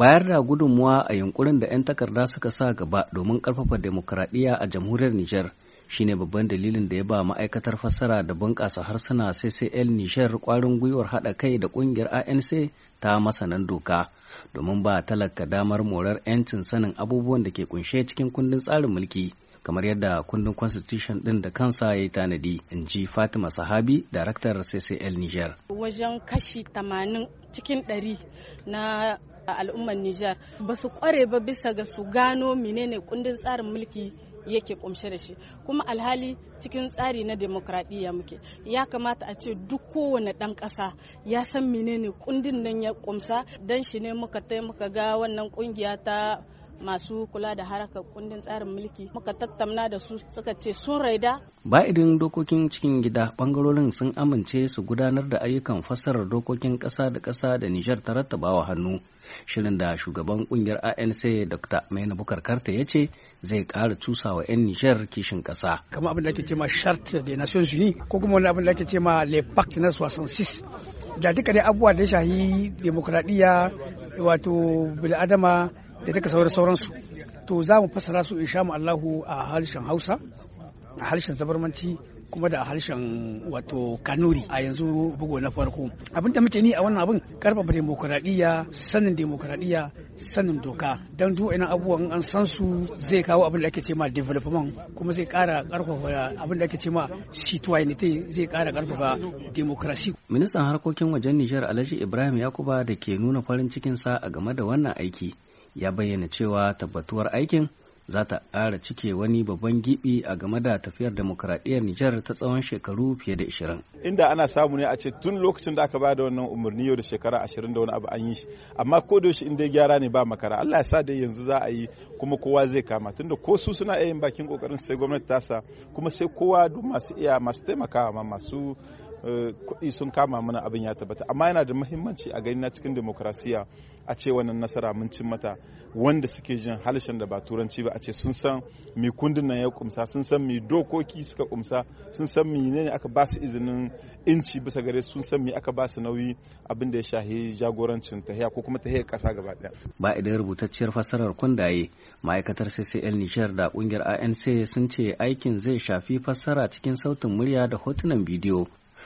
bayar da gudunmuwa a yunkurin da 'yan takarda suka sa gaba domin karfafa demokuraɗiyya a jamhuriyar Nijar shine babban dalilin da ya ba ma'aikatar fassara da bunƙasa harsuna CCL Nijar kwarin gwiwar haɗa kai da ƙungiyar ANC ta masanan doka domin ba talaka damar morar 'yancin sanin abubuwan da ke kunshe cikin kundin tsarin mulki. kamar yadda kundin constitution ɗin da kansa ya yi tanadi in ji fatima sahabi daraktar ccl niger wajen kashi 80 cikin 100 na a al'ummar Nijar ba su kware ba bisa ga su gano menene kundin tsarin mulki yake kumshe da shi kuma alhali cikin tsari na demokradiyya muke ya kamata a ce duk kowane ɗan ƙasa ya san menene kundin nan ya kumsa don shi ne muka taimaka ga wannan kungiya ta masu kula da harakar kundin tsarin mulki muka tattauna da su suka ce sun raida. ba idan dokokin cikin gida bangarorin sun amince su gudanar da ayyukan fassarar dokokin ƙasa da ƙasa da Nijar ta rattabawa hannu. Shirin da shugaban kungiyar ANC Dr. Maina Bukar Karta ya ce zai ƙara cusawa 'yan Nijar kishin ƙasa. Kama abin da ake ce ma Charte des Nations Unies ko kuma wani abin da ake ce ma Le Pacte na 66 da duka dai abubuwa da shahi demokradiyya wato bil'adama da duka sauran sauransu to za mu fassara su insha mu Allahu a harshen Hausa a harshen zabarmanci kuma da harshen wato kanuri a yanzu bugu na farko abinda da muke ni a wannan abin karfafa demokuraɗiyya sanin demokuraɗiyya sanin doka don duk ina abubuwan an san su zai kawo abin da ake ce development kuma zai kara karfafa abin da ake ce ma zai kara karfafa demokrasi ministan harkokin wajen Nijar Alhaji Ibrahim Yakuba da ke nuna farin cikin sa a game da wannan aiki ya bayyana cewa tabbatuwar aikin za ta ƙara cike wani babban gibi a game da tafiyar demokuraɗiyyar Nijar ta tsawon shekaru fiye da 20. Inda ana samu ne a ce tun lokacin da aka ba da wannan umarni yau da shekara 20 da wani abu an yi shi. Amma ko da yaushe inda gyara ne ba makara. Allah ya sa dai yanzu za a yi kuma kowa zai kama tunda ko su suna iya yin bakin kokarin sai gwamnati ta sa kuma sai kowa duk masu iya masu taimakawa ma masu kuɗi sun kama mana abin ya tabbata amma yana da muhimmanci a gani na cikin demokrasiya a ce wannan nasara mun cin mata wanda suke jin halishan da ba turanci ba a ce sun san mi kundin nan ya kumsa sun san mi dokoki suka kumsa sun san mi ne aka ba su izinin inci bisa gare sun san mi aka ba su nauyi abin da ya shahi jagorancin tahiya ko kuma tahiyar kasa gaba daya ba idan rubutacciyar fassarar kundaye ma'aikatar CCL Nijar da kungiyar ANC sun ce aikin zai shafi fassara cikin sautin murya da hotunan bidiyo